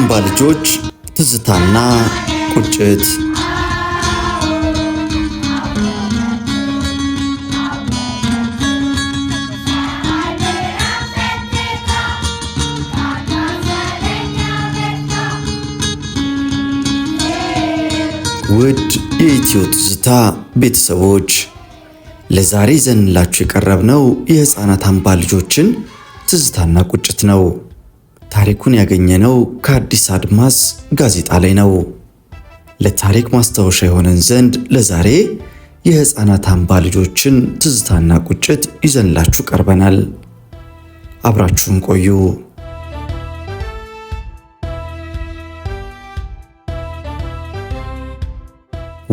የአምባ ልጆች ትዝታና ቁጭት ውድ የኢትዮ ትዝታ ቤተሰቦች ለዛሬ ይዘንላችሁ የቀረብነው የሕፃናት አምባ ልጆችን ትዝታና ቁጭት ነው። ታሪኩን ያገኘነው ከአዲስ አድማስ ጋዜጣ ላይ ነው። ለታሪክ ማስታወሻ የሆነን ዘንድ ለዛሬ የሕፃናት አምባ ልጆችን ትዝታና ቁጭት ይዘንላችሁ ቀርበናል። አብራችሁን ቆዩ።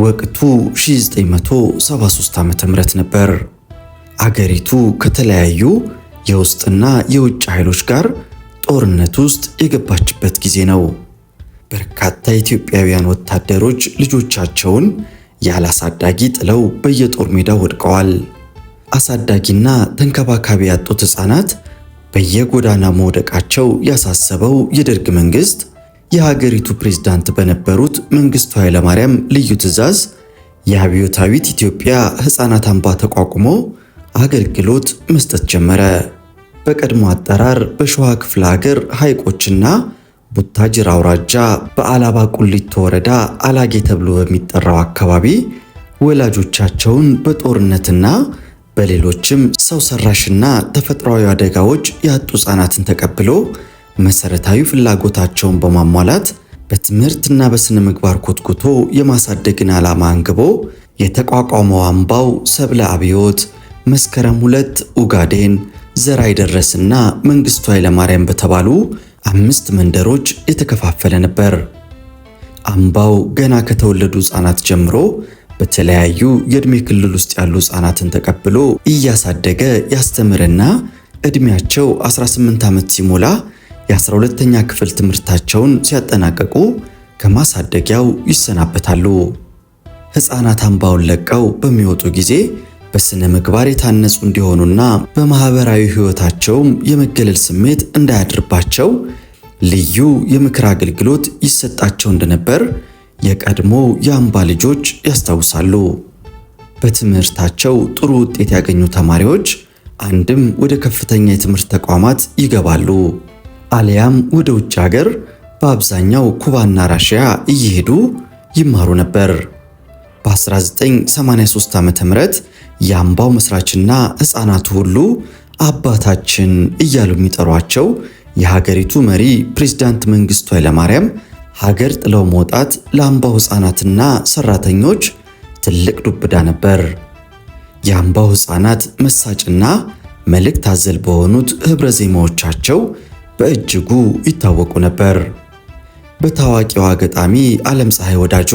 ወቅቱ 1973 ዓ.ም ነበር። አገሪቱ ከተለያዩ የውስጥና የውጭ ኃይሎች ጋር ጦርነት ውስጥ የገባችበት ጊዜ ነው። በርካታ ኢትዮጵያውያን ወታደሮች ልጆቻቸውን ያለ አሳዳጊ ጥለው በየጦር ሜዳ ወድቀዋል። አሳዳጊና ተንከባካቢ ያጡት ሕፃናት በየጎዳና መውደቃቸው ያሳሰበው የደርግ መንግስት የሀገሪቱ ፕሬዝዳንት በነበሩት መንግስቱ ኃይለማርያም ልዩ ትዕዛዝ የአብዮታዊት ኢትዮጵያ ሕፃናት አምባ ተቋቁሞ አገልግሎት መስጠት ጀመረ። በቀድሞ አጠራር በሸዋ ክፍለ ሀገር ሐይቆችና ቡታጅራ አውራጃ በአላባ ቁሊቶ ወረዳ አላጌ ተብሎ በሚጠራው አካባቢ ወላጆቻቸውን በጦርነትና በሌሎችም ሰው ሰራሽና ተፈጥሯዊ አደጋዎች ያጡ ህጻናትን ተቀብሎ መሰረታዊ ፍላጎታቸውን በማሟላት በትምህርትና በስነ ምግባር ኮትኩቶ የማሳደግን ዓላማ አንግቦ የተቋቋመው አምባው ሰብለ አብዮት መስከረም ሁለት ኡጋዴን ዘር አይደረስና መንግስቱ ኃይለማርያም በተባሉ አምስት መንደሮች የተከፋፈለ ነበር። አምባው ገና ከተወለዱ ህፃናት ጀምሮ በተለያዩ የዕድሜ ክልል ውስጥ ያሉ ህፃናትን ተቀብሎ እያሳደገ ያስተምርና እድሜያቸው 18 ዓመት ሲሞላ የ12ተኛ ክፍል ትምህርታቸውን ሲያጠናቀቁ ከማሳደጊያው ይሰናበታሉ። ህፃናት አምባውን ለቀው በሚወጡ ጊዜ በስነ ምግባር የታነጹ እንዲሆኑና በማህበራዊ ህይወታቸውም የመገለል ስሜት እንዳያድርባቸው ልዩ የምክር አገልግሎት ይሰጣቸው እንደነበር የቀድሞ የአምባ ልጆች ያስታውሳሉ። በትምህርታቸው ጥሩ ውጤት ያገኙ ተማሪዎች አንድም ወደ ከፍተኛ የትምህርት ተቋማት ይገባሉ፣ አሊያም ወደ ውጭ ሀገር በአብዛኛው ኩባና ራሽያ እየሄዱ ይማሩ ነበር። በ1983 ዓ ም የአምባው መስራችና ሕፃናቱ ሁሉ አባታችን እያሉ የሚጠሯቸው የሀገሪቱ መሪ ፕሬዝዳንት መንግስቱ ኃይለማርያም ሀገር ጥለው መውጣት ለአምባው ሕፃናትና ሰራተኞች ትልቅ ዱብዳ ነበር። የአምባው ሕፃናት መሳጭና መልእክት አዘል በሆኑት ኅብረ ዜማዎቻቸው በእጅጉ ይታወቁ ነበር። በታዋቂዋ ገጣሚ ዓለም ፀሐይ ወዳጆ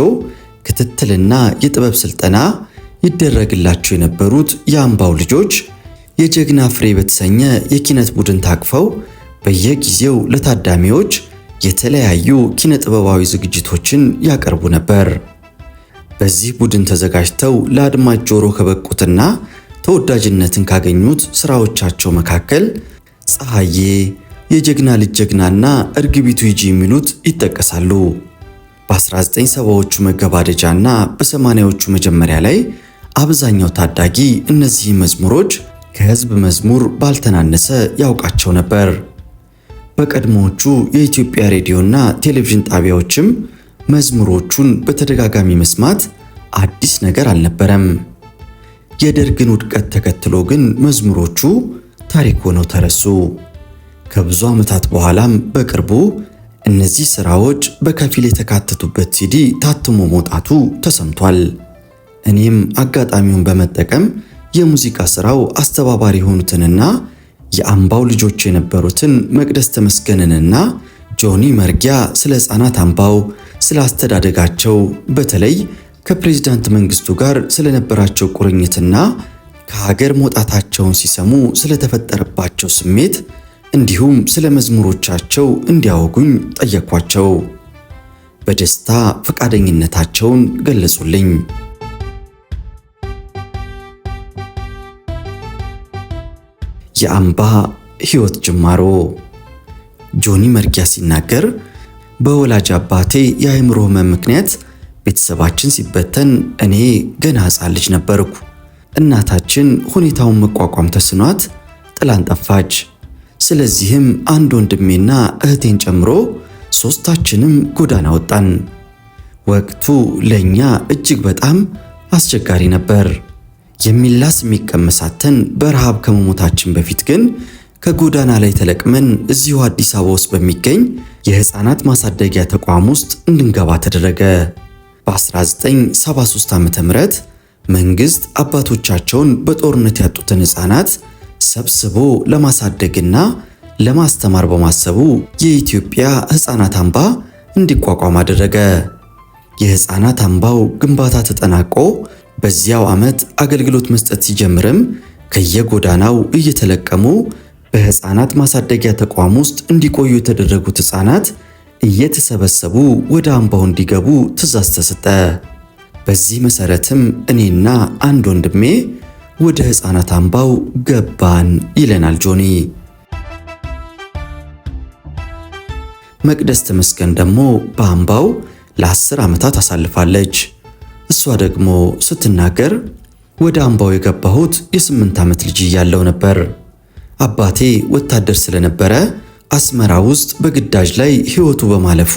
ክትትልና የጥበብ ስልጠና ይደረግላቸው የነበሩት የአምባው ልጆች የጀግና ፍሬ በተሰኘ የኪነት ቡድን ታቅፈው በየጊዜው ለታዳሚዎች የተለያዩ ኪነ ጥበባዊ ዝግጅቶችን ያቀርቡ ነበር። በዚህ ቡድን ተዘጋጅተው ለአድማጭ ጆሮ ከበቁትና ተወዳጅነትን ካገኙት ስራዎቻቸው መካከል ፀሐዬ፣ የጀግና ልጅ ጀግናና እርግቢቱ ይጂ የሚሉት ይጠቀሳሉ። በ1970ዎቹ በ80ዎቹ መጀመሪያ ላይ አብዛኛው ታዳጊ እነዚህ መዝሙሮች ከህዝብ መዝሙር ባልተናነሰ ያውቃቸው ነበር። በቀድሞዎቹ የኢትዮጵያ ሬዲዮና ቴሌቪዥን ጣቢያዎችም መዝሙሮቹን በተደጋጋሚ መስማት አዲስ ነገር አልነበረም። የደርግን ውድቀት ተከትሎ ግን መዝሙሮቹ ታሪክ ሆነው ተረሱ። ከብዙ ዓመታት በኋላም በቅርቡ እነዚህ ሥራዎች በከፊል የተካተቱበት ሲዲ ታትሞ መውጣቱ ተሰምቷል። እኔም አጋጣሚውን በመጠቀም የሙዚቃ ስራው አስተባባሪ የሆኑትንና የአምባው ልጆች የነበሩትን መቅደስ ተመስገንንና ጆኒ መርጊያ ስለ ህፃናት አምባው ስለ አስተዳደጋቸው በተለይ ከፕሬዝዳንት መንግስቱ ጋር ስለነበራቸው ቁርኝትና ከሀገር መውጣታቸውን ሲሰሙ ስለተፈጠረባቸው ስሜት እንዲሁም ስለ መዝሙሮቻቸው እንዲያወጉኝ ጠየኳቸው። በደስታ ፈቃደኝነታቸውን ገለጹልኝ። የአምባ ሕይወት ጅማሮ ጆኒ መርጊያ ሲናገር በወላጅ አባቴ የአእምሮ ህመም ምክንያት ቤተሰባችን ሲበተን እኔ ገና ሕፃን ልጅ ነበርኩ። እናታችን ሁኔታውን መቋቋም ተስኗት ጥላን ጠፋች። ስለዚህም አንድ ወንድሜና እህቴን ጨምሮ ሶስታችንም ጎዳና ወጣን። ወቅቱ ለእኛ እጅግ በጣም አስቸጋሪ ነበር። የሚላስ የሚቀመሳተን በረሃብ ከመሞታችን በፊት ግን ከጎዳና ላይ ተለቅመን እዚሁ አዲስ አበባ ውስጥ በሚገኝ የህፃናት ማሳደጊያ ተቋም ውስጥ እንድንገባ ተደረገ። በ1973 ም መንግስት አባቶቻቸውን በጦርነት ያጡትን ህፃናት ሰብስቦ ለማሳደግና ለማስተማር በማሰቡ የኢትዮጵያ ሕፃናት አምባ እንዲቋቋም አደረገ። የሕፃናት አምባው ግንባታ ተጠናቆ በዚያው ዓመት አገልግሎት መስጠት ሲጀምርም ከየጎዳናው እየተለቀሙ በሕፃናት ማሳደጊያ ተቋም ውስጥ እንዲቆዩ የተደረጉት ሕፃናት እየተሰበሰቡ ወደ አምባው እንዲገቡ ትዛዝ ተሰጠ። በዚህ መሰረትም እኔና አንድ ወንድሜ ወደ ህፃናት አምባው ገባን ይለናል ጆኒ። መቅደስ ተመስገን ደግሞ በአምባው ለአስር ዓመታት አሳልፋለች። እሷ ደግሞ ስትናገር ወደ አምባው የገባሁት የስምንት ዓመት ልጅ እያለው ነበር። አባቴ ወታደር ስለነበረ አስመራ ውስጥ በግዳጅ ላይ ሕይወቱ በማለፉ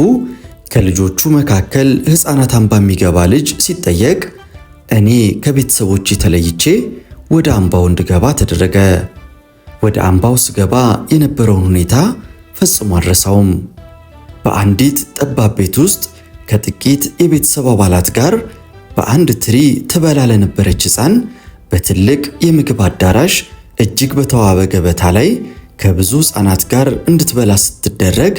ከልጆቹ መካከል ሕፃናት አምባ የሚገባ ልጅ ሲጠየቅ እኔ ከቤተሰቦቼ ተለይቼ ወደ አምባው እንድገባ ተደረገ። ወደ አምባው ስገባ የነበረውን ሁኔታ ፈጽሞ አልረሳውም። በአንዲት ጠባብ ቤት ውስጥ ከጥቂት የቤተሰብ አባላት ጋር በአንድ ትሪ ትበላ ለነበረች ሕፃን በትልቅ የምግብ አዳራሽ እጅግ በተዋበ ገበታ ላይ ከብዙ ሕፃናት ጋር እንድትበላ ስትደረግ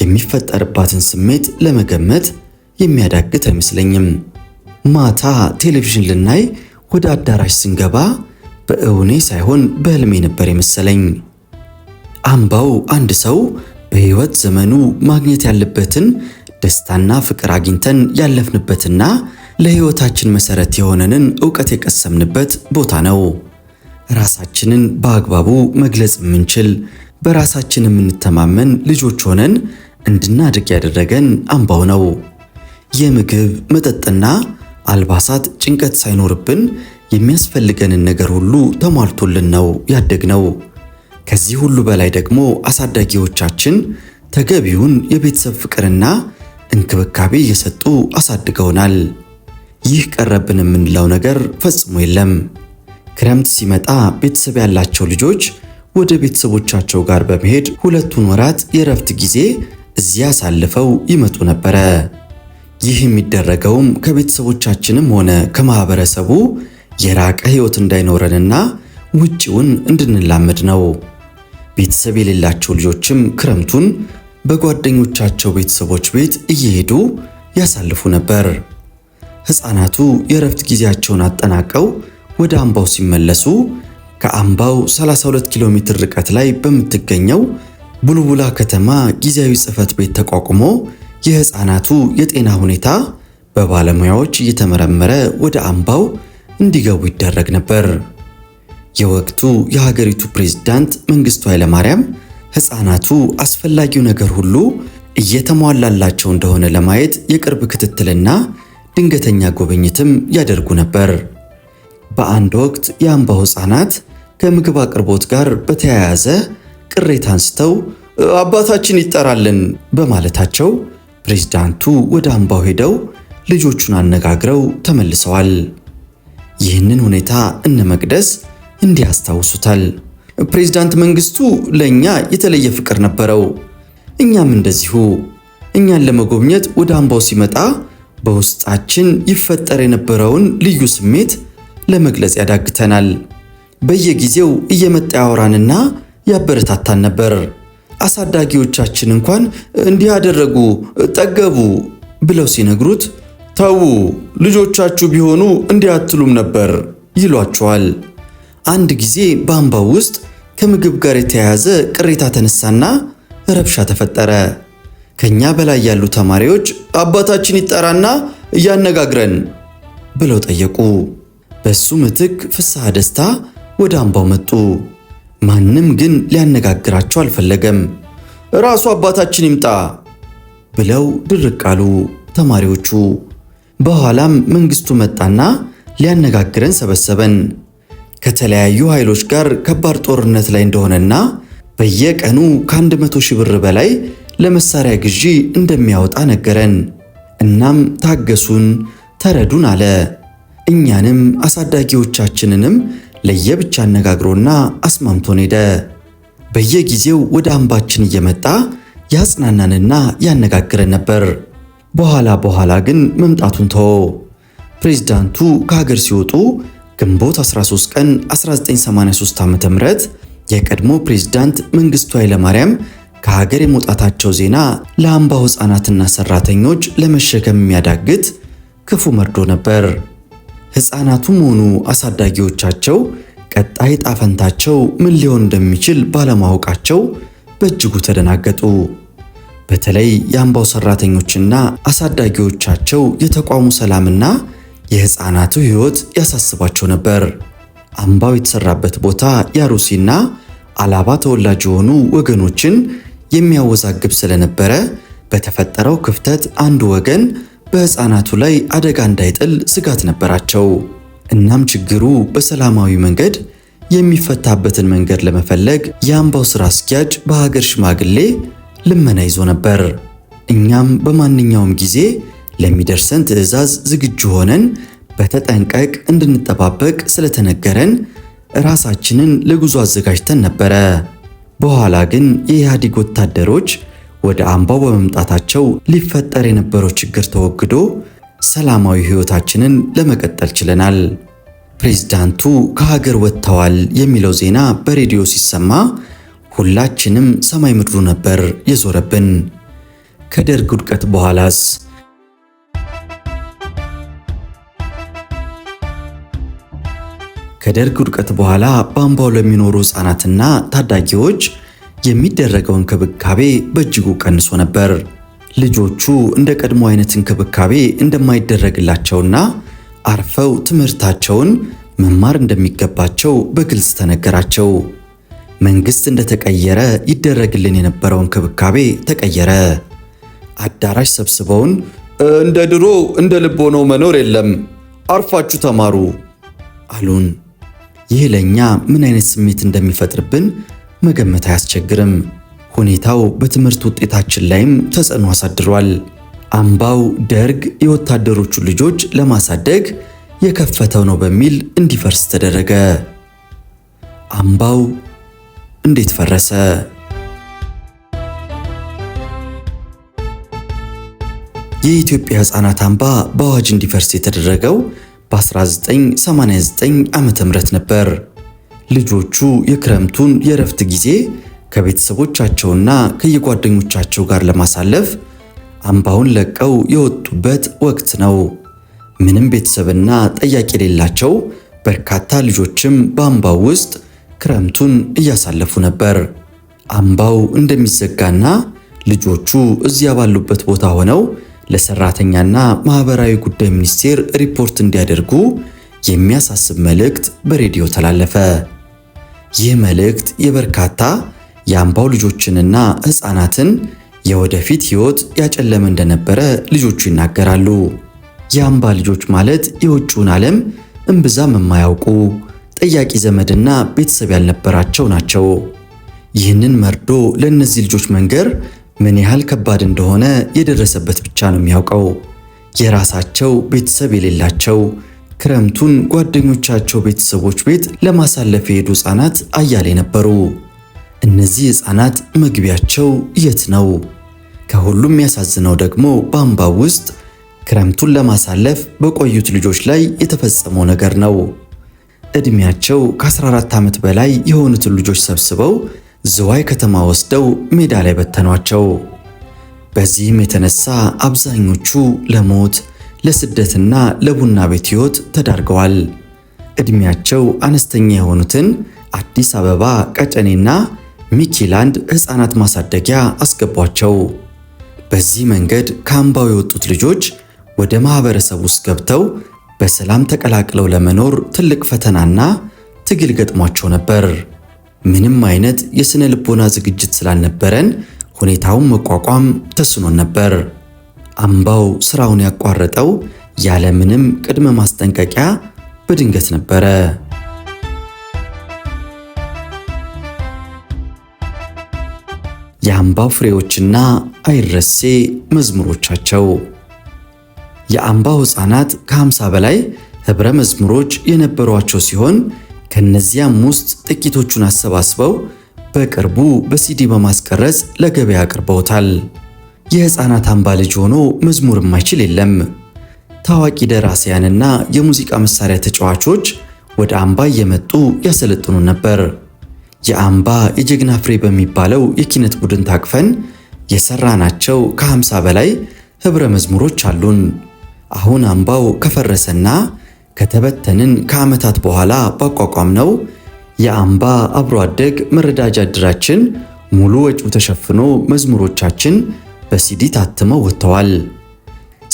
የሚፈጠርባትን ስሜት ለመገመት የሚያዳግት አይመስለኝም። ማታ ቴሌቪዥን ልናይ ወደ አዳራሽ ስንገባ በእውኔ ሳይሆን በህልሜ ነበር የመሰለኝ። አምባው አንድ ሰው በህይወት ዘመኑ ማግኘት ያለበትን ደስታና ፍቅር አግኝተን ያለፍንበትና ለህይወታችን መሰረት የሆነንን ዕውቀት የቀሰምንበት ቦታ ነው። ራሳችንን በአግባቡ መግለጽ የምንችል በራሳችን የምንተማመን ልጆች ሆነን እንድናድግ ያደረገን አምባው ነው። የምግብ መጠጥና አልባሳት ጭንቀት ሳይኖርብን የሚያስፈልገንን ነገር ሁሉ ተሟልቶልን ነው ያደግነው። ከዚህ ሁሉ በላይ ደግሞ አሳዳጊዎቻችን ተገቢውን የቤተሰብ ፍቅርና እንክብካቤ እየሰጡ አሳድገውናል። ይህ ቀረብን የምንለው ነገር ፈጽሞ የለም። ክረምት ሲመጣ ቤተሰብ ያላቸው ልጆች ወደ ቤተሰቦቻቸው ጋር በመሄድ ሁለቱን ወራት የእረፍት ጊዜ እዚያ አሳልፈው ይመጡ ነበረ። ይህ የሚደረገውም ከቤተሰቦቻችንም ሆነ ከማህበረሰቡ የራቀ ህይወት እንዳይኖረንና ውጪውን እንድንላመድ ነው። ቤተሰብ የሌላቸው ልጆችም ክረምቱን በጓደኞቻቸው ቤተሰቦች ቤት እየሄዱ ያሳልፉ ነበር። ሕፃናቱ የእረፍት ጊዜያቸውን አጠናቀው ወደ አምባው ሲመለሱ ከአምባው 32 ኪሎ ሜትር ርቀት ላይ በምትገኘው ቡልቡላ ከተማ ጊዜያዊ ጽህፈት ቤት ተቋቁሞ የህፃናቱ የጤና ሁኔታ በባለሙያዎች እየተመረመረ ወደ አምባው እንዲገቡ ይደረግ ነበር። የወቅቱ የሀገሪቱ ፕሬዝዳንት መንግስቱ ኃይለማርያም ህፃናቱ አስፈላጊው ነገር ሁሉ እየተሟላላቸው እንደሆነ ለማየት የቅርብ ክትትልና ድንገተኛ ጉብኝትም ያደርጉ ነበር። በአንድ ወቅት የአምባው ህፃናት ከምግብ አቅርቦት ጋር በተያያዘ ቅሬታ አንስተው አባታችን ይጠራልን በማለታቸው ፕሬዝዳንቱ ወደ አምባው ሄደው ልጆቹን አነጋግረው ተመልሰዋል። ይህንን ሁኔታ እነ መቅደስ እንዲህ ያስታውሱታል። ፕሬዝዳንት መንግስቱ ለእኛ የተለየ ፍቅር ነበረው፣ እኛም እንደዚሁ። እኛን ለመጎብኘት ወደ አምባው ሲመጣ በውስጣችን ይፈጠር የነበረውን ልዩ ስሜት ለመግለጽ ያዳግተናል። በየጊዜው እየመጣ ያወራንና ያበረታታን ነበር። አሳዳጊዎቻችን እንኳን እንዲህ ጠገቡ ብለው ሲነግሩት ተዉ ልጆቻችሁ ቢሆኑ እንዲያትሉም ነበር ይሏቸዋል። አንድ ጊዜ በአምባው ውስጥ ከምግብ ጋር የተያያዘ ቅሬታ ተነሳና ረብሻ ተፈጠረ። ከኛ በላይ ያሉ ተማሪዎች አባታችን ይጠራና እያነጋግረን ብለው ጠየቁ። በሱ ምትክ ፍስሐ ደስታ ወደ አምባው መጡ። ማንም ግን ሊያነጋግራቸው አልፈለገም። ራሱ አባታችን ይምጣ ብለው ድርቅ አሉ ተማሪዎቹ። በኋላም መንግስቱ መጣና ሊያነጋግረን ሰበሰበን። ከተለያዩ ኃይሎች ጋር ከባድ ጦርነት ላይ እንደሆነና በየቀኑ ከአንድ መቶ ሺህ ብር በላይ ለመሳሪያ ግዢ እንደሚያወጣ ነገረን። እናም ታገሱን፣ ተረዱን አለ። እኛንም አሳዳጊዎቻችንንም ለየብቻ አነጋግሮና አስማምቶን ሄደ። በየጊዜው ወደ አምባችን እየመጣ ያጽናናንና ያነጋግረን ነበር። በኋላ በኋላ ግን መምጣቱን ተወ። ፕሬዝዳንቱ ከሀገር ሲወጡ ግንቦት 13 ቀን 1983 ዓ.ም የቀድሞ ፕሬዝዳንት መንግስቱ ኃይለማርያም ከሀገር የመውጣታቸው ዜና ለአምባው ሕፃናትና ሰራተኞች ለመሸከም የሚያዳግት ክፉ መርዶ ነበር። ሕፃናቱም ሆኑ አሳዳጊዎቻቸው ቀጣይ ጣፈንታቸው ምን ሊሆን እንደሚችል ባለማወቃቸው በእጅጉ ተደናገጡ። በተለይ የአምባው ሰራተኞችና አሳዳጊዎቻቸው የተቋሙ ሰላምና የሕፃናቱ ሕይወት ያሳስባቸው ነበር። አምባው የተሰራበት ቦታ የአሩሲና አላባ ተወላጅ የሆኑ ወገኖችን የሚያወዛግብ ስለነበረ በተፈጠረው ክፍተት አንዱ ወገን በህፃናቱ ላይ አደጋ እንዳይጥል ስጋት ነበራቸው። እናም ችግሩ በሰላማዊ መንገድ የሚፈታበትን መንገድ ለመፈለግ የአምባው ስራ አስኪያጅ በሀገር ሽማግሌ ልመና ይዞ ነበር። እኛም በማንኛውም ጊዜ ለሚደርሰን ትዕዛዝ ዝግጁ ሆነን በተጠንቀቅ እንድንጠባበቅ ስለተነገረን ራሳችንን ለጉዞ አዘጋጅተን ነበረ። በኋላ ግን የኢህአዴግ ወታደሮች ወደ አምባው በመምጣታቸው ሊፈጠር የነበረው ችግር ተወግዶ ሰላማዊ ሕይወታችንን ለመቀጠል ችለናል። ፕሬዝዳንቱ ከሀገር ወጥተዋል የሚለው ዜና በሬዲዮ ሲሰማ ሁላችንም ሰማይ ምድሩ ነበር የዞረብን። ከደርግ ውድቀት በኋላስ ከደርግ ውድቀት በኋላ በአምባው ለሚኖሩ ሕፃናትና ታዳጊዎች የሚደረገው እንክብካቤ በእጅጉ ቀንሶ ነበር። ልጆቹ እንደ ቀድሞ አይነት እንክብካቤ እንደማይደረግላቸውና አርፈው ትምህርታቸውን መማር እንደሚገባቸው በግልጽ ተነገራቸው። መንግስት እንደተቀየረ ይደረግልን የነበረው እንክብካቤ ተቀየረ። አዳራሽ ሰብስበውን እንደ ድሮ እንደ ልብ ሆነው መኖር የለም፣ አርፋችሁ ተማሩ አሉን። ይህ ለእኛ ምን አይነት ስሜት እንደሚፈጥርብን መገመት አያስቸግርም። ሁኔታው በትምህርት ውጤታችን ላይም ተጽዕኖ አሳድሯል። አምባው ደርግ የወታደሮቹ ልጆች ለማሳደግ የከፈተው ነው በሚል እንዲፈርስ ተደረገ። አምባው እንዴት ፈረሰ? የኢትዮጵያ ሕፃናት አምባ በአዋጅ እንዲፈርስ የተደረገው በ1989 ዓ.ም ነበር። ልጆቹ የክረምቱን የእረፍት ጊዜ ከቤተሰቦቻቸውና ከየጓደኞቻቸው ጋር ለማሳለፍ አምባውን ለቀው የወጡበት ወቅት ነው። ምንም ቤተሰብና ጠያቂ የሌላቸው በርካታ ልጆችም በአምባው ውስጥ ክረምቱን እያሳለፉ ነበር። አምባው እንደሚዘጋና ልጆቹ እዚያ ባሉበት ቦታ ሆነው ለሰራተኛና ማህበራዊ ጉዳይ ሚኒስቴር ሪፖርት እንዲያደርጉ የሚያሳስብ መልእክት በሬዲዮ ተላለፈ። ይህ መልእክት የበርካታ የአምባው ልጆችንና ሕፃናትን የወደፊት ሕይወት ያጨለመ እንደነበረ ልጆቹ ይናገራሉ። የአምባ ልጆች ማለት የውጭውን ዓለም እምብዛም የማያውቁ ጠያቂ ዘመድና ቤተሰብ ያልነበራቸው ናቸው። ይህንን መርዶ ለእነዚህ ልጆች መንገር ምን ያህል ከባድ እንደሆነ የደረሰበት ብቻ ነው የሚያውቀው። የራሳቸው ቤተሰብ የሌላቸው ክረምቱን ጓደኞቻቸው ቤተሰቦች ቤት ለማሳለፍ የሄዱ ህፃናት አያሌ ነበሩ። እነዚህ ህፃናት መግቢያቸው የት ነው? ከሁሉም ያሳዝነው ደግሞ በአምባው ውስጥ ክረምቱን ለማሳለፍ በቆዩት ልጆች ላይ የተፈጸመው ነገር ነው። እድሜያቸው ከ14 ዓመት በላይ የሆኑትን ልጆች ሰብስበው ዝዋይ ከተማ ወስደው ሜዳ ላይ በተኗቸው። በዚህም የተነሳ አብዛኞቹ ለሞት ለስደትና ለቡና ቤት ሕይወት ተዳርገዋል። እድሜያቸው አነስተኛ የሆኑትን አዲስ አበባ ቀጨኔና ሚኪላንድ ህፃናት ማሳደጊያ አስገቧቸው። በዚህ መንገድ ከአምባው የወጡት ልጆች ወደ ማህበረሰብ ውስጥ ገብተው በሰላም ተቀላቅለው ለመኖር ትልቅ ፈተናና ትግል ገጥሟቸው ነበር። ምንም አይነት የስነ ልቦና ዝግጅት ስላልነበረን ሁኔታውን መቋቋም ተስኖን ነበር። አምባው ስራውን ያቋረጠው ያለምንም ቅድመ ማስጠንቀቂያ በድንገት ነበረ። የአምባው ፍሬዎችና አይረሴ መዝሙሮቻቸው የአምባው ሕፃናት ከ50 በላይ ኅብረ መዝሙሮች የነበሯቸው ሲሆን ከነዚያም ውስጥ ጥቂቶቹን አሰባስበው በቅርቡ በሲዲ በማስቀረጽ ለገበያ አቅርበውታል። የህፃናት አምባ ልጅ ሆኖ መዝሙር የማይችል የለም። ታዋቂ ደራሲያንና የሙዚቃ መሳሪያ ተጫዋቾች ወደ አምባ እየመጡ ያሰለጥኑ ነበር። የአምባ የጀግና ፍሬ በሚባለው የኪነት ቡድን ታቅፈን የሰራናቸው ከ50 በላይ ህብረ መዝሙሮች አሉን። አሁን አምባው ከፈረሰና ከተበተንን ከዓመታት በኋላ ባቋቋም ነው የአምባ አብሮ አደግ መረዳጃ እድራችን ሙሉ ወጪው ተሸፍኖ መዝሙሮቻችን በሲዲ ታትመው ወጥተዋል።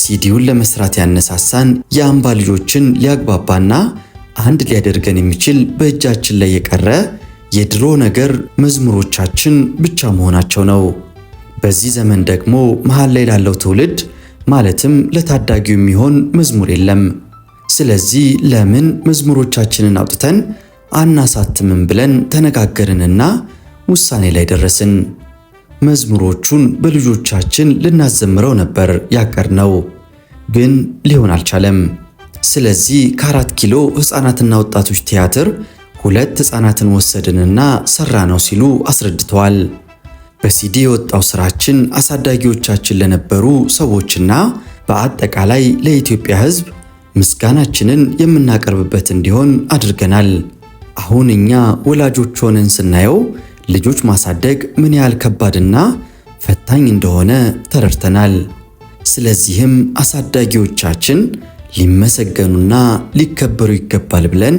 ሲዲውን ለመስራት ያነሳሳን የአምባ ልጆችን ሊያግባባና አንድ ሊያደርገን የሚችል በእጃችን ላይ የቀረ የድሮ ነገር መዝሙሮቻችን ብቻ መሆናቸው ነው። በዚህ ዘመን ደግሞ መሃል ላይ ላለው ትውልድ ማለትም ለታዳጊው የሚሆን መዝሙር የለም። ስለዚህ ለምን መዝሙሮቻችንን አውጥተን አናሳትምን ብለን ተነጋገርንና ውሳኔ ላይ ደረስን። መዝሙሮቹን በልጆቻችን ልናዘምረው ነበር ያቀድነው፣ ግን ሊሆን አልቻለም። ስለዚህ ከአራት ኪሎ ሕፃናትና ወጣቶች ቲያትር ሁለት ሕፃናትን ወሰድንና ሰራ ነው ሲሉ አስረድተዋል። በሲዲ የወጣው ስራችን አሳዳጊዎቻችን ለነበሩ ሰዎችና በአጠቃላይ ለኢትዮጵያ ሕዝብ ምስጋናችንን የምናቀርብበት እንዲሆን አድርገናል። አሁን እኛ ወላጆች ሆነን ስናየው ልጆች ማሳደግ ምን ያህል ከባድና ፈታኝ እንደሆነ ተረድተናል። ስለዚህም አሳዳጊዎቻችን ሊመሰገኑና ሊከበሩ ይገባል ብለን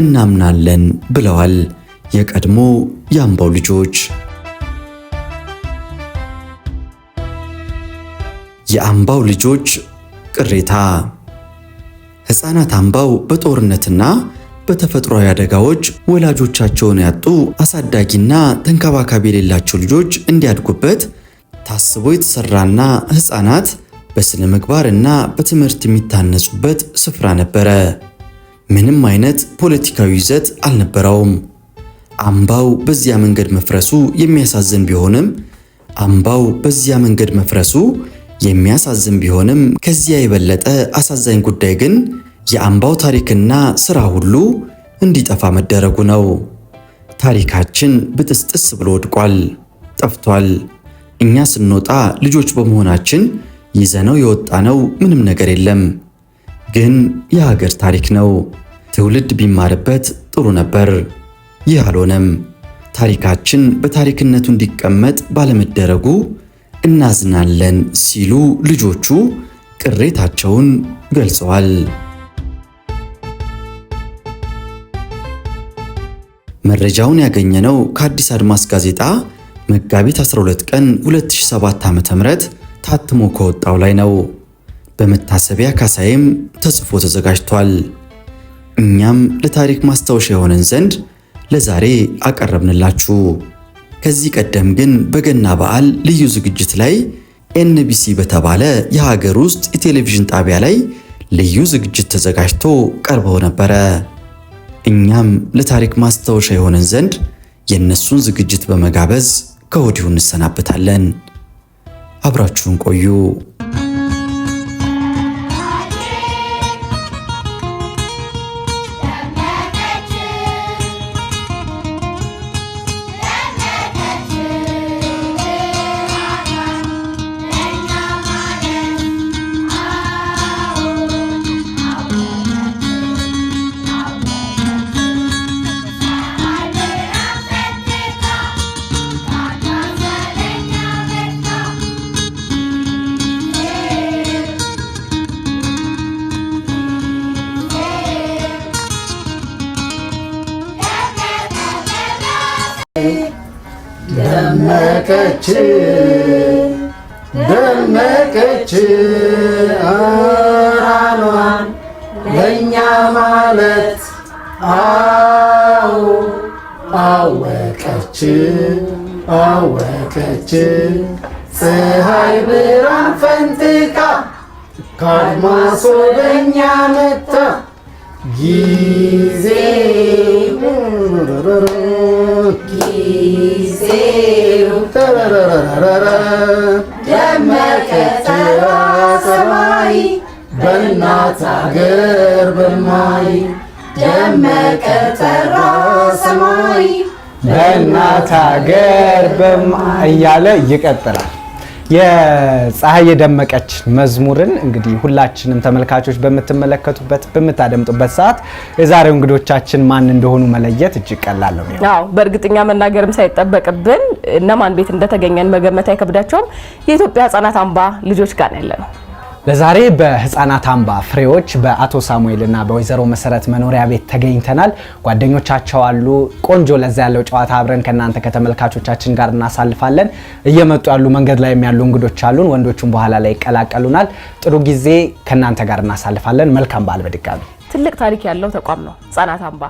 እናምናለን ብለዋል የቀድሞ የአምባው ልጆች። የአምባው ልጆች ቅሬታ ህፃናት አምባው በጦርነትና በተፈጥሯዊ አደጋዎች ወላጆቻቸውን ያጡ አሳዳጊና ተንከባካቢ የሌላቸው ልጆች እንዲያድጉበት ታስቦ የተሰራና ሕፃናት በስነ ምግባር እና በትምህርት የሚታነጹበት ስፍራ ነበረ። ምንም አይነት ፖለቲካዊ ይዘት አልነበረውም። አምባው በዚያ መንገድ መፍረሱ የሚያሳዝን ቢሆንም አምባው በዚያ መንገድ መፍረሱ የሚያሳዝን ቢሆንም ከዚያ የበለጠ አሳዛኝ ጉዳይ ግን የአምባው ታሪክና ስራ ሁሉ እንዲጠፋ መደረጉ ነው። ታሪካችን ብጥስጥስ ብሎ ወድቋል፣ ጠፍቷል። እኛ ስንወጣ ልጆች በመሆናችን ይዘነው የወጣነው ምንም ነገር የለም። ግን የሀገር ታሪክ ነው። ትውልድ ቢማርበት ጥሩ ነበር። ይህ አልሆነም። ታሪካችን በታሪክነቱ እንዲቀመጥ ባለመደረጉ እናዝናለን ሲሉ ልጆቹ ቅሬታቸውን ገልጸዋል። መረጃውን ያገኘነው ከአዲስ አድማስ ጋዜጣ መጋቢት 12 ቀን 2007 ዓ.ም ታትሞ ከወጣው ላይ ነው። በመታሰቢያ ካሳይም ተጽፎ ተዘጋጅቷል። እኛም ለታሪክ ማስታወሻ የሆነን ዘንድ ለዛሬ አቀረብንላችሁ። ከዚህ ቀደም ግን በገና በዓል ልዩ ዝግጅት ላይ ኤንቢሲ በተባለ የሀገር ውስጥ የቴሌቪዥን ጣቢያ ላይ ልዩ ዝግጅት ተዘጋጅቶ ቀርበው ነበረ። እኛም ለታሪክ ማስታወሻ የሆነን ዘንድ የእነሱን ዝግጅት በመጋበዝ ከወዲሁ እንሰናበታለን። አብራችሁን ቆዩ። ደመቀች ደመቀች አራኗን ለእኛ ማለት አው አወቀች አወቀች ፀሐይ ብርሃን ፈንጥቃ ካድማስ ወደኛ መታ ጊዜ ደመቀ ጥራ ሰማይ በእናት አገር በማይ ደመቀ ሰማይ በእናት አገር በማይ እያለ ይቀጥላል። የፀሐይ የደመቀች መዝሙርን እንግዲህ ሁላችንም ተመልካቾች በምትመለከቱበት በምታደምጡበት ሰዓት የዛሬው እንግዶቻችን ማን እንደሆኑ መለየት እጅግ ቀላል ነው። አዎ በእርግጠኛ መናገርም ሳይጠበቅብን እነማን ቤት እንደተገኘን መገመት አይከብዳቸውም። የኢትዮጵያ ሕጻናት አምባ ልጆች ጋር ያለ ነው። ለዛሬ በህፃናት አምባ ፍሬዎች በአቶ ሳሙኤል እና በወይዘሮ መሰረት መኖሪያ ቤት ተገኝተናል። ጓደኞቻቸው አሉ። ቆንጆ ለዛ ያለው ጨዋታ አብረን ከእናንተ ከተመልካቾቻችን ጋር እናሳልፋለን። እየመጡ ያሉ መንገድ ላይ ያሉ እንግዶች አሉን። ወንዶቹም በኋላ ላይ ይቀላቀሉናል። ጥሩ ጊዜ ከእናንተ ጋር እናሳልፋለን። መልካም በዓል። በድጋሚ ትልቅ ታሪክ ያለው ተቋም ነው ህፃናት አምባ።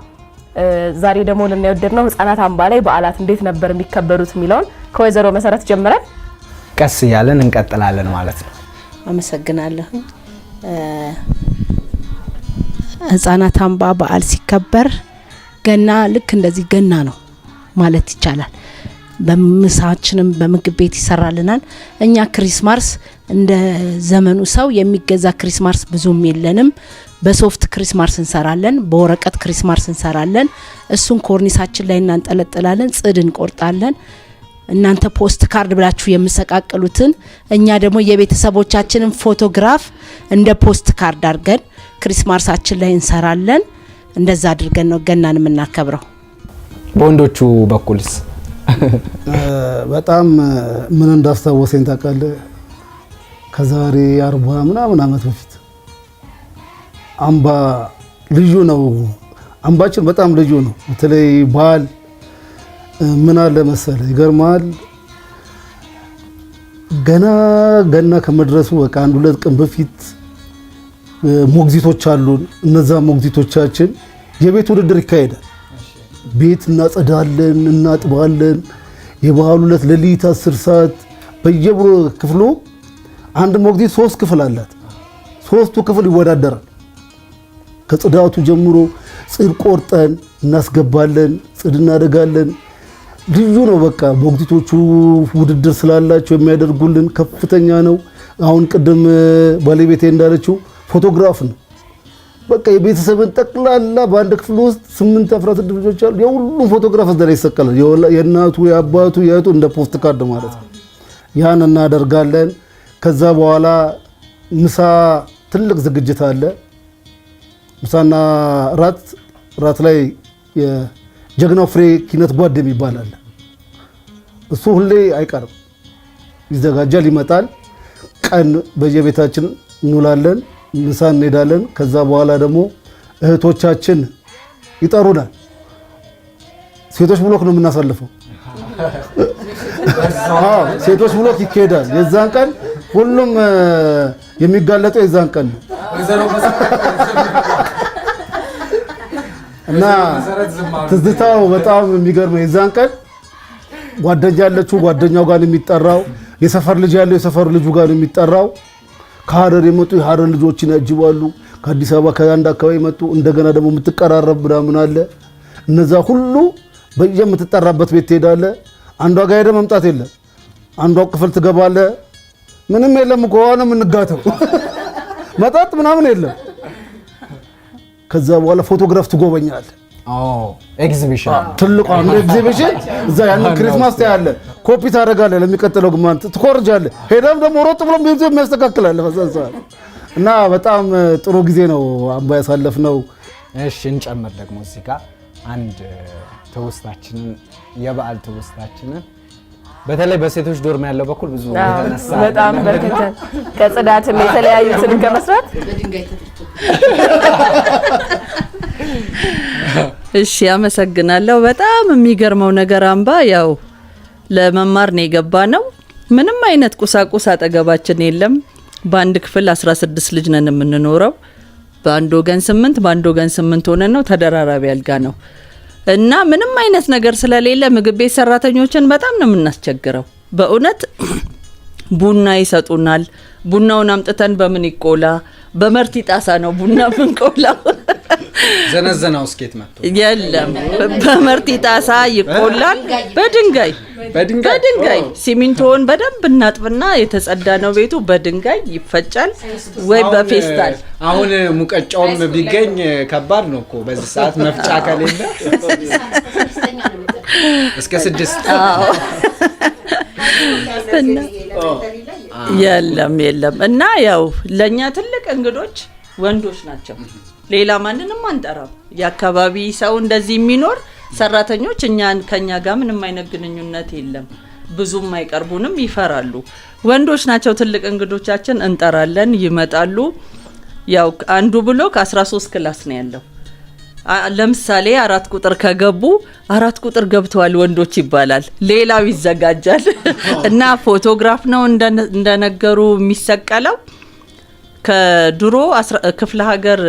ዛሬ ደግሞ ልንወደድ ነው ህፃናት አምባ ላይ በዓላት እንዴት ነበር የሚከበሩት የሚለውን ከወይዘሮ መሰረት ጀምረን ቀስ እያለን እንቀጥላለን ማለት ነው። አመሰግናለሁ። ህጻናት አምባ በዓል ሲከበር ገና ልክ እንደዚህ ገና ነው ማለት ይቻላል። በምሳችንም በምግብ ቤት ይሰራልናል። እኛ ክሪስማስ እንደ ዘመኑ ሰው የሚገዛ ክሪስማስ ብዙም የለንም። በሶፍት ክሪስማስ እንሰራለን፣ በወረቀት ክሪስማስ እንሰራለን። እሱን ኮርኒሳችን ላይ እናንጠለጥላለን፣ ጽድ እንቆርጣለን። እናንተ ፖስት ካርድ ብላችሁ የምሰቃቅሉትን እኛ ደግሞ የቤተሰቦቻችንን ፎቶግራፍ እንደ ፖስት ካርድ አድርገን ክሪስማሳችን ላይ እንሰራለን። እንደዛ አድርገን ነው ገናን የምናከብረው። በወንዶቹ በኩልስ በጣም ምን እንዳስታወሰኝ ታውቃለህ? ከዛሬ አርባ ምናምን ዓመት በፊት አምባ ልዩ ነው። አምባችን በጣም ልዩ ነው። በተለይ በዓል ምን አለ መሰለ ይገርማል። ገና ገና ከመድረሱ በቃ አንድ ሁለት ቀን በፊት ሞግዚቶች አሉን። እነዛ ሞግዚቶቻችን የቤት ውድድር ይካሄዳል። ቤት እናጸዳለን፣ እናጥባለን። የበዓሉ ዕለት ሌሊት አስር ሰዓት በየብሮ ክፍሉ አንድ ሞግዚት ሶስት ክፍል አላት። ሶስቱ ክፍል ይወዳደራል። ከጽዳቱ ጀምሮ ጽድ ቆርጠን እናስገባለን፣ ጽድ እናደጋለን። ልዩ ነው። በቃ ሞግዚቶቹ ውድድር ስላላቸው የሚያደርጉልን ከፍተኛ ነው። አሁን ቅድም ባለቤቴ እንዳለችው ፎቶግራፍ ነው። በቃ የቤተሰብን ጠቅላላ በአንድ ክፍል ውስጥ ስምንት አስራ ስድስት ልጆች አሉ። የሁሉም ፎቶግራፍ እዛ ላይ ይሰቀላል። የእናቱ የአባቱ፣ የእህቱ እንደ ፖስት ካርድ ማለት ነው። ያን እናደርጋለን። ከዛ በኋላ ምሳ ትልቅ ዝግጅት አለ። ምሳና ራት ራት ላይ ጀግናው ፍሬ ኪነት ጓደም ይባላል። እሱ ሁሌ አይቀርም፣ ይዘጋጃል፣ ይመጣል። ቀን በየቤታችን እንውላለን፣ ምሳ እንሄዳለን። ከዛ በኋላ ደግሞ እህቶቻችን ይጠሩናል። ሴቶች ብሎክ ነው የምናሳልፈው። ሴቶች ብሎክ ይካሄዳል። የዛን ቀን ሁሉም የሚጋለጠው የዛን ቀን ነው። እና ትዝታው በጣም የሚገርመው የዛን ቀን ጓደኛ ያለችው ጓደኛው ጋር የሚጠራው የሰፈር ልጅ ያለው የሰፈር ልጁ ጋር የሚጠራው ከሀረር የመጡ የሀረር ልጆችን ያጅባሉ። ከአዲስ አበባ ከአንድ አካባቢ መጡ። እንደገና ደግሞ የምትቀራረብ ምናምን አለ። እነዛ ሁሉ በየምትጠራበት ቤት ትሄዳለ። አንዷ ጋር ሄደ መምጣት የለም። አንዷ ክፍል ትገባለ። ምንም የለም። ከሆነ የምንጋተው መጠጥ ምናምን የለም። ከዛ በኋላ ፎቶግራፍ ትጎበኛል። ኤግዚቢሽን ትልቁ ትልቋ ኤግዚቢሽን እዛ ያን ክሪስማስ ታያለ፣ ኮፒ ታደርጋለህ፣ ለሚቀጥለው ግማንት ትኮርጃለ። ሄደም ደግሞ ሮጥ ብሎ ቤቱ የሚያስተካክላል እና በጣም ጥሩ ጊዜ ነው አምባ ያሳለፍ ነው። እሺ እንጨምር ደግሞ እዚህ ጋር አንድ ትውስታችንን የበዓል ትውስታችንን በተለይ በሴቶች ዶርም ያለው በኩል ብዙ በጣም በርከተን ከጽዳትም የተለያዩትን ከመስራት እሺ፣ አመሰግናለሁ። በጣም የሚገርመው ነገር አምባ ያው ለመማር ነው የገባ ነው። ምንም አይነት ቁሳቁስ አጠገባችን የለም። በአንድ ክፍል 16 ልጅ ነን የምንኖረው። በአንድ ወገን ስምንት በአንድ ወገን ስምንት ሆነን ነው። ተደራራቢ አልጋ ነው እና ምንም አይነት ነገር ስለሌለ ምግብ ቤት ሰራተኞችን በጣም ነው የምናስቸግረው። በእውነት ቡና ይሰጡናል። ቡናውን አምጥተን በምን ይቆላ? በመርቲ ጣሳ ነው ቡና ምንቆላው። ዘነዘናው ስኬት መጥቶ የለም። በመርቲ ጣሳ ይቆላል። በድንጋይ በድንጋይ ሲሚንቶውን በደንብ እናጥብና የተጸዳ ነው ቤቱ። በድንጋይ ይፈጫል ወይ በፌስታል። አሁን ሙቀጫውም ቢገኝ ከባድ ነው እኮ በዚህ ሰዓት መፍጫ ከሌለ እስከ ስድስት የለም የለም። እና ያው ለእኛ ትልቅ እንግዶች ወንዶች ናቸው። ሌላ ማንንም አንጠራም። የአካባቢ ሰው እንደዚህ የሚኖር ሰራተኞች እኛን ከኛ ጋር ምንም አይነት ግንኙነት የለም። ብዙም አይቀርቡንም፣ ይፈራሉ። ወንዶች ናቸው ትልቅ እንግዶቻችን። እንጠራለን፣ ይመጣሉ። ያው አንዱ ብሎክ 13 ክላስ ነው ያለው ለምሳሌ አራት ቁጥር ከገቡ አራት ቁጥር ገብተዋል ወንዶች ይባላል፣ ሌላው ይዘጋጃል እና ፎቶግራፍ ነው እንደነገሩ የሚሰቀለው። ከድሮ ክፍለ ሀገር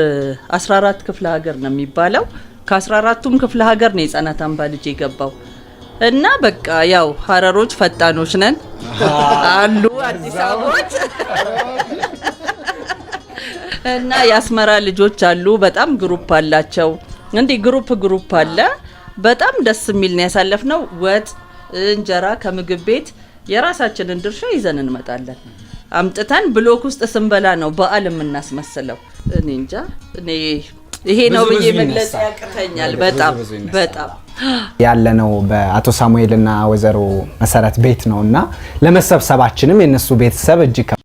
14 ክፍለ ሀገር ነው የሚባለው። ከ14ቱም ክፍለ ሀገር ነው የህጻናት አምባ ልጅ የገባው እና በቃ ያው ሀረሮች ፈጣኖች ነን አሉ አዲስ አበባዎች እና የአስመራ ልጆች አሉ። በጣም ግሩፕ አላቸው። እንዲህ ግሩፕ ግሩፕ አለ። በጣም ደስ የሚል ነው ያሳለፍነው። ወጥ እንጀራ ከምግብ ቤት የራሳችንን ድርሻ ይዘን እንመጣለን። አምጥተን ብሎክ ውስጥ ስንበላ ነው በዓል የምናስመስለው። እኔ እንጃ እኔ ይሄ ነው ብዬ መግለጽ ያቅተኛል። በጣም በጣም ያለነው በአቶ ሳሙኤልና ወይዘሮ መሰረት ቤት ነው እና ለመሰብሰባችንም የነሱ ቤተሰብ እጅግ